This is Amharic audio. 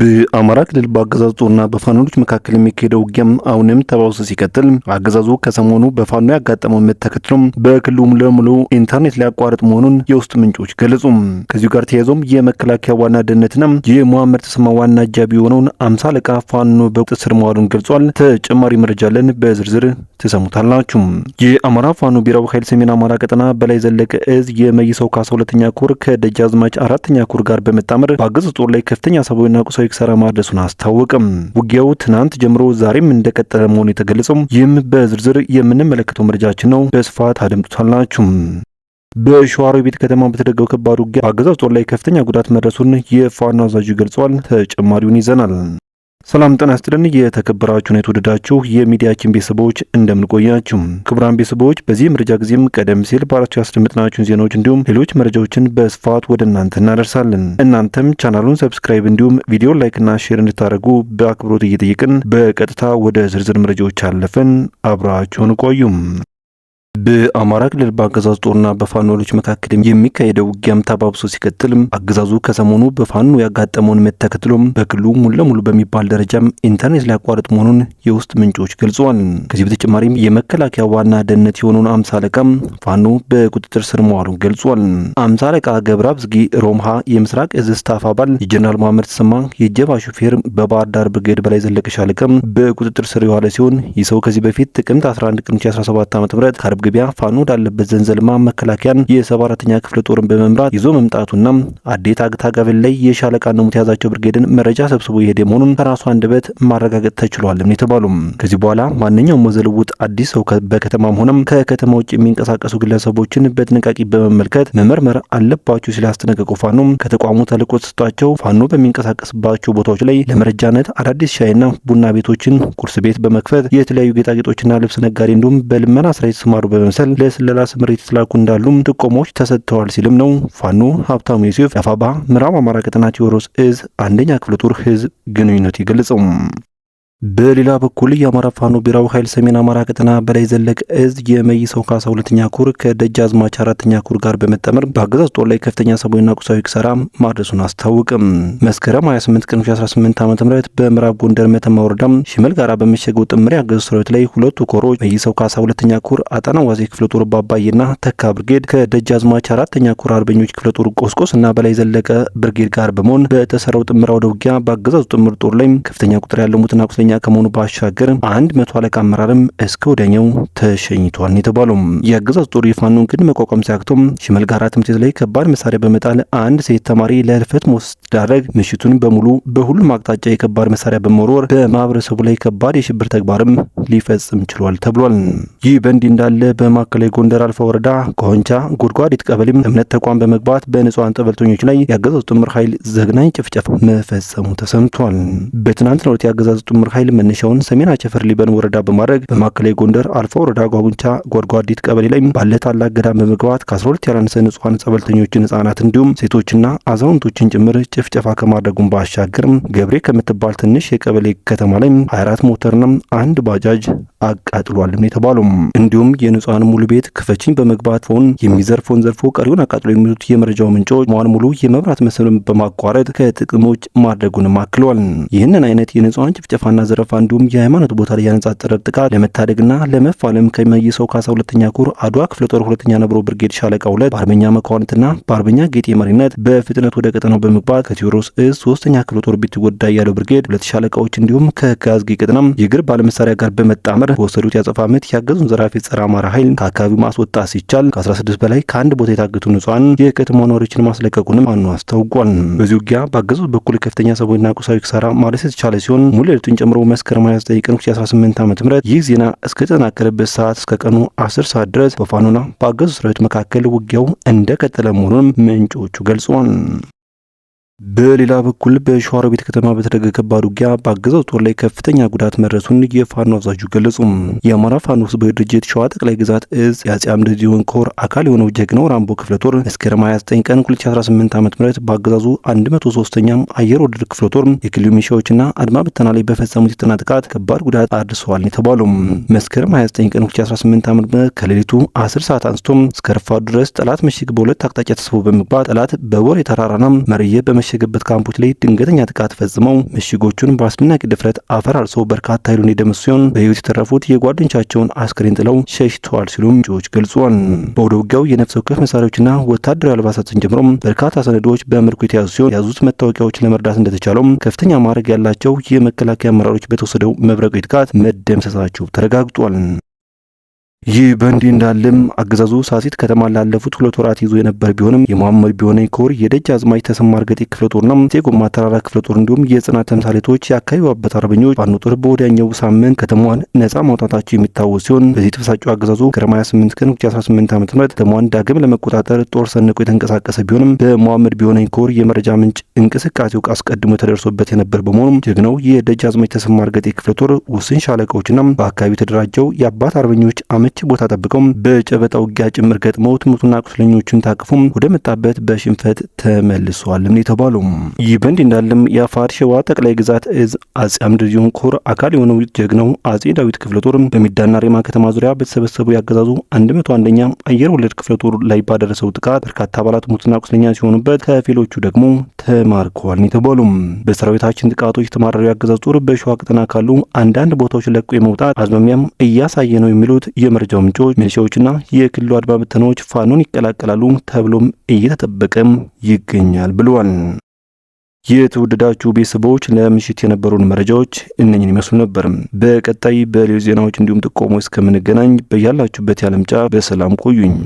በአማራ ክልል በአገዛዙ ጦርና በፋኖች መካከል የሚካሄደው ውጊያም አሁንም ተባብሶ ሲቀጥል አገዛዙ ከሰሞኑ በፋኖ ያጋጠመው ምት ተከትሎ በክልሉ ለሙሉ ኢንተርኔት ሊያቋርጥ መሆኑን የውስጥ ምንጮች ገለጹ። ከዚሁ ጋር ተያይዞም የመከላከያ ዋና ደህንነትና የሙሐመድ ተሰማ ዋና አጃቢ የሆነውን አምሳ አለቃ ፋኖ በቁጥጥር ስር መዋሉን ገልጿል። ተጨማሪ መረጃ አለን፣ በዝርዝር ትሰሙታላችሁ። የአማራ ፋኖ ብሔራዊ ኃይል ሰሜን አማራ ቀጠና በላይ ዘለቀ እዝ የመይሰው ካሳ ሁለተኛ ኮር ከደጃዝማች አራተኛ ኩር ጋር በመጣመር በአገዛዙ ጦር ላይ ከፍተኛ ሰብዓዊና ቁሳዊ ኪሳራ ማድረሱን አስታወቅም። ውጊያው ትናንት ጀምሮ ዛሬም እንደቀጠለ መሆኑ የተገለጸው ይህም በዝርዝር የምንመለከተው መረጃችን ነው። በስፋት በሸዋሮ ቤት ከተማ በተደገው ከባድ ውጊያ አገዛዝ ጦር ላይ ከፍተኛ ጉዳት መድረሱን የፋኖ አዛዡ ገልጿል። ተጨማሪውን ይዘናል። ሰላም ጤና ይስጥልን። የተከበራችሁን የተወደዳችሁ የሚዲያችን ቤተሰቦች እንደምንቆያችሁ። ክቡራን ቤተሰቦች በዚህ መረጃ ጊዜም ቀደም ሲል በአራቱ ያስደመጥናችሁን ዜናዎች እንዲሁም ሌሎች መረጃዎችን በስፋት ወደ እናንተ እናደርሳለን። እናንተም ቻናሉን ሰብስክራይብ እንዲሁም ቪዲዮ ላይክና ሼር እንድታደርጉ በአክብሮት እየጠየቅን በቀጥታ ወደ ዝርዝር መረጃዎች አለፈን። አብራችሁን ቆዩም በአማራ ክልል በአገዛዙ ጦርና በፋኖዎች መካከል የሚካሄደው ውጊያም ተባብሶ ሲቀጥልም አገዛዙ ከሰሞኑ በፋኖ ያጋጠመውን ምት ተከትሎም በክልሉ ሙሉ ለሙሉ በሚባል ደረጃም ኢንተርኔት ሊያቋርጥ መሆኑን የውስጥ ምንጮች ገልጸዋል። ከዚህ በተጨማሪም የመከላከያ ዋና ደህንነት የሆነውን አምሳ አለቃም ፋኖ በቁጥጥር ስር መዋሉን ገልጿል። አምሳ አለቃ ገብረ አብዝጊ ሮምሃ የምስራቅ እዝ ስታፍ አባል፣ የጀነራል መሐመድ ተሰማ የጀባ ሹፌር፣ በባህር ዳር ብርጌድ በላይ ዘለቀ ሻለቃ በቁጥጥር ስር የዋለ ሲሆን ይህ ሰው ከዚህ በፊት ጥቅምት 11 ቀን 2017 ዓ ም መግቢያ ፋኖ ወዳለበት ዘንዘልማ መከላከያን የሰባ አራተኛ ክፍለ ጦርን በመምራት ይዞ መምጣቱና አዴት ጋቤል ላይ የሻለቃ ነሙት የያዛቸው ብርጌድን መረጃ ሰብስቦ የሄደ መሆኑን ከራሱ አንደበት ማረጋገጥ ተችሏልም የተባሉ ከዚህ በኋላ ማንኛውም ወዘልውጥ አዲስ ሰው በከተማም ሆነም ከከተማ ውጭ የሚንቀሳቀሱ ግለሰቦችን በጥንቃቄ በመመልከት መመርመር አለባቸው ሲል ፋኖ ከተቋሙ ተልዕኮ ተሰጥቷቸው ፋኖ በሚንቀሳቀስባቸው ቦታዎች ላይ ለመረጃነት አዳዲስ ሻይና ቡና ቤቶችን፣ ቁርስ ቤት በመክፈት የተለያዩ ጌጣጌጦችና ልብስ ነጋዴ እንዲሁም በልመና ስራ የተሰማሩ በመምሰል ለስለላ ስምሪት የተላኩ እንዳሉም ጥቆሞች ተሰጥተዋል ሲልም ነው ፋኖ ሀብታሙ ዮሴፍ የአፋባ ምዕራብ አማራ ቀጠና ቴዎድሮስ እዝ አንደኛ ክፍለ ጦር ህዝብ ግንኙነት የገለጸው። በሌላ በኩል የአማራ ፋኖ ብሔራዊ ኃይል ሰሜን አማራ ቀጠና በላይ ዘለቀ እዝ የመይሰው ካሳ ሁለተኛ ኩር ከደጃዝማች አራተኛ ኩር ጋር በመጠመር በአገዛዝ ጦር ላይ ከፍተኛ ሰብዓዊና ቁሳዊ ክሰራ ማድረሱን አስታውቅም። መስከረም 28 ቀን 2018 ዓ ም በምዕራብ ጎንደር መተማ ወረዳም ሽመል ጋራ በመሸገው ጥምር የአገዛዝ ሰራዊት ላይ ሁለቱ ኮሮች መይሰው ካሳ ሁለተኛ ኩር አጣና ዋዜ ክፍለ ጦር ባባዬና ተካ ብርጌድ ከደጃዝማች አራተኛ ኩር አርበኞች ክፍለ ጦር ቆስቆስ እና በላይ ዘለቀ ብርጌድ ጋር በመሆን በተሰራው ጥምር አውደ ውጊያ በአገዛዙ ጥምር ጦር ላይ ከፍተኛ ቁጥር ያለው ሙትና ቁስለኛ ከፍተኛ ከመሆኑ ባሻገር አንድ መቶ አለቃ አመራርም እስከ ወዲያኛው ተሸኝቷል የተባሉ የአገዛዝ ጦር የፋኖን ግን መቋቋም ሲያክቶም ሽመል ጋራ ትምህርት ቤት ላይ ከባድ መሳሪያ በመጣል አንድ ሴት ተማሪ ለህልፈት ሞት ምሽቱን በሙሉ በሁሉም አቅጣጫ የከባድ መሳሪያ በመወርወር በማህበረሰቡ ላይ ከባድ የሽብር ተግባርም ሊፈጽም ችሏል ተብሏል። ይህ በእንዲህ እንዳለ በማዕከላዊ ጎንደር አልፋ ወረዳ ከሆንቻ ጎድጓዲት ቀበሌም እምነት ተቋም በመግባት በንጹ ጸበልተኞች ላይ የአገዛዝ ጥምር ኃይል ዘግናኝ ጭፍጨፍ መፈጸሙ ተሰምቷል። በትናንትናው ዕለት የአገዛዝ ጥምር ኃይል መነሻውን ሰሜን አቸፈር ሊበን ወረዳ በማድረግ በማዕከላዊ ጎንደር አልፋ ወረዳ ጓጉንቻ ጓድጓዲት ቀበሌ ላይ ባለ ታላቅ ገዳም በመግባት ከ12 ያላነሰ ንጹሐን ጸበልተኞችን ህጻናት እንዲሁም ሴቶችና አዛውንቶችን ጭምር ጭፍጨፋ ከማድረጉን ባሻገርም ገብሬ ከምትባል ትንሽ የቀበሌ ከተማ ላይ 24 ሞተርና አንድ ባጃጅ አቃጥሏልም የተባሉም እንዲሁም የንጹሐን ሙሉ ቤት ክፈችኝ በመግባት ፎን የሚዘርፎን ዘርፎ ቀሪውን አቃጥሎ የሚሉት የመረጃው ምንጮች ሟን ሙሉ የመብራት መስመርን በማቋረጥ ከጥቅሞች ማድረጉንም አክለዋል። ይህንን አይነት የንጹሐን ጭፍጨፋና ዘረፋ አንዱም የሃይማኖት ቦታ ላይ ያነጣጠረ ጥቃት ለመታደግና ለመፋለም ከመይሰው ካሳ ሁለተኛ ኩር አድዋ ክፍለ ጦር ሁለተኛ ነብሮ ብርጌድ ሻለቃ ሁለት በአርበኛ መኳንትና በአርበኛ ጌጤ መሪነት በፍጥነት ወደ ቀጠናው በመግባት ከቴዎድሮስ እዝ ሶስተኛ ክፍለ ጦር ቢትወዳ ያለው ብርጌድ ሁለት ሻለቃዎች እንዲሁም ከጋዝጌ ቀጠናም የግር ባለመሳሪያ ጋር በመጣመር በወሰዱት ያጸፋ ምት ያገዙን ዘራፊ ጸረ አማራ ኃይል ከአካባቢው ማስወጣ ሲቻል ከ16 በላይ ከአንድ ቦታ የታገቱ ንጹሐን የከተማ ነዋሪዎችን ማስለቀቁንም አኑ አስታውቋል። በዚህ ውጊያ በአገዙት በኩል ከፍተኛ ሰብዓዊና ቁሳዊ ክሳራ ማድረስ የተቻለ ሲሆን ሙሉ ሌሊቱን ጨምሮ የጀመረው መስከረም 29 ቀን 2018 ዓ ም ይህ ዜና እስከተጠናከረበት ሰዓት እስከ ቀኑ 10 ሰዓት ድረስ በፋኖና በአገዙ ሰራዊት መካከል ውጊያው እንደቀጠለ መሆኑንም ምንጮቹ ገልጿል። በሌላ በኩል በሸዋሮቢት ከተማ በተደረገ ከባድ ውጊያ በአገዛዙ ጦር ላይ ከፍተኛ ጉዳት መድረሱን የፋኖ አዛዡ ገለጹ። የአማራ ፋኖ ህዝባዊ ድርጅት ሸዋ ጠቅላይ ግዛት እዝ የአጼ አምደ ጽዮን ኮር አካል የሆነው ጀግናው ራምቦ ክፍለ ጦር መስከረም 29 ቀን 2018 ዓ ም በአገዛዙ 103ኛ አየር ወለድ ክፍለ ጦር የክልሉ ሚሊሻዎችና አድማ ብተና ላይ በፈጸሙት የጠና ጥቃት ከባድ ጉዳት አድርሰዋል የተባሉ መስከረም 29 ቀን 2018 ዓ ም ከሌሊቱ 10 ሰዓት አንስቶም እስከ ረፋዱ ድረስ ጠላት ምሽግ በሁለት አቅጣጫ ተስቦ በመግባት ጠላት በቦሬ ተራራና መርየ በመ በመሸገበት ካምፖች ላይ ድንገተኛ ጥቃት ፈጽመው ምሽጎቹን በአስደናቂ ድፍረት አፈራርሰው በርካታ ኃይሉን የደመሱ ሲሆን በህይወት የተረፉት የጓደኞቻቸውን አስክሬን ጥለው ሸሽተዋል ሲሉም ምንጮች ገልጿል። በወደ ውጊያው የነፍስ ወከፍ መሳሪያዎችና ወታደራዊ አልባሳትን ጨምሮ በርካታ ሰነዶች በምርኮ የተያዙ ሲሆን የያዙት መታወቂያዎች ለመርዳት እንደተቻለውም ከፍተኛ ማዕረግ ያላቸው የመከላከያ አመራሮች በተወሰደው መብረቃዊ ጥቃት መደምሰሳቸው ተረጋግጧል። ይህ በእንዲህ እንዳለም አገዛዙ ሳሲት ከተማ ላለፉት ሁለት ወራት ይዞ የነበር ቢሆንም የመሐመድ ቢሆነኝ ኮር የደጃዝማች ተሰማ እርገጤ ክፍለ ጦርና ቴጎማ ተራራ ክፍለ ጦር እንዲሁም የጽናት ተምሳሌቶች የአካባቢው አባት አርበኞች ፋኖ ጦር በወዲያኛው ሳምንት ከተማዋን ነጻ ማውጣታቸው የሚታወስ ሲሆን በዚህ ተፈሳጨው አገዛዙ ግረማ 28 ቀን 2018 ዓ.ም ከተማዋን ዳግም ለመቆጣጠር ጦር ሰንቆ የተንቀሳቀሰ ቢሆንም በመሐመድ ቢሆነኝ ኮር የመረጃ ምንጭ እንቅስቃሴው አስቀድሞ ተደርሶበት የነበር በመሆኑም ጀግናው የደጃዝማች ተሰማ እርገጤ ክፍለ ጦር ውስን ሻለቃዎችና በአካባቢው የተደራጀው የአባት አርበኞች አመ አመቺ ቦታ ጠብቀው በጨበጣ ውጊያ ጭምር ገጥመውት ሙትና ቁስለኞቹን ታቅፎም ወደ መጣበት በሽንፈት ተመልሷልም ነው የተባለው። ይህ በእንዲህ እንዳለም የአፋር ሸዋ ጠቅላይ ግዛት እዝ አጼ አምደጽዮን ኮር አካል የሆነው ጀግናው አጼ ዳዊት ክፍለ ጦር በሚዳና ሬማ ከተማ ዙሪያ በተሰበሰቡ ያገዛዙ መቶ አንደኛ አየር ወለድ ክፍለ ጦር ላይ ባደረሰው ጥቃት በርካታ አባላት ሙትና ቁስለኛ ሲሆኑበት ከፊሎቹ ደግሞ ተማርከዋል ነው በሰራዊታችን ጥቃቶች የተማረሩ ያገዛዙ ጦር በሸዋ ቅጠና ካሉ አንዳንድ ቦታዎች ለቆ የመውጣት አዝማሚያም እያሳየ ነው የሚሉት የመረጃ ምንጮች ሚሊሻዎችና የክልሉ አድማ ብተናዎች ፋኖን ይቀላቀላሉ ተብሎም እየተጠበቀም ይገኛል ብሏል። የተወደዳችሁ ቤተሰቦች ለምሽት የነበሩን መረጃዎች እነኝን ይመስሉ ነበር። በቀጣይ በሌሎች ዜናዎች እንዲሁም ጥቆሞ እስከምንገናኝ በያላችሁበት የዓለም ጫፍ በሰላም ቆዩኝ።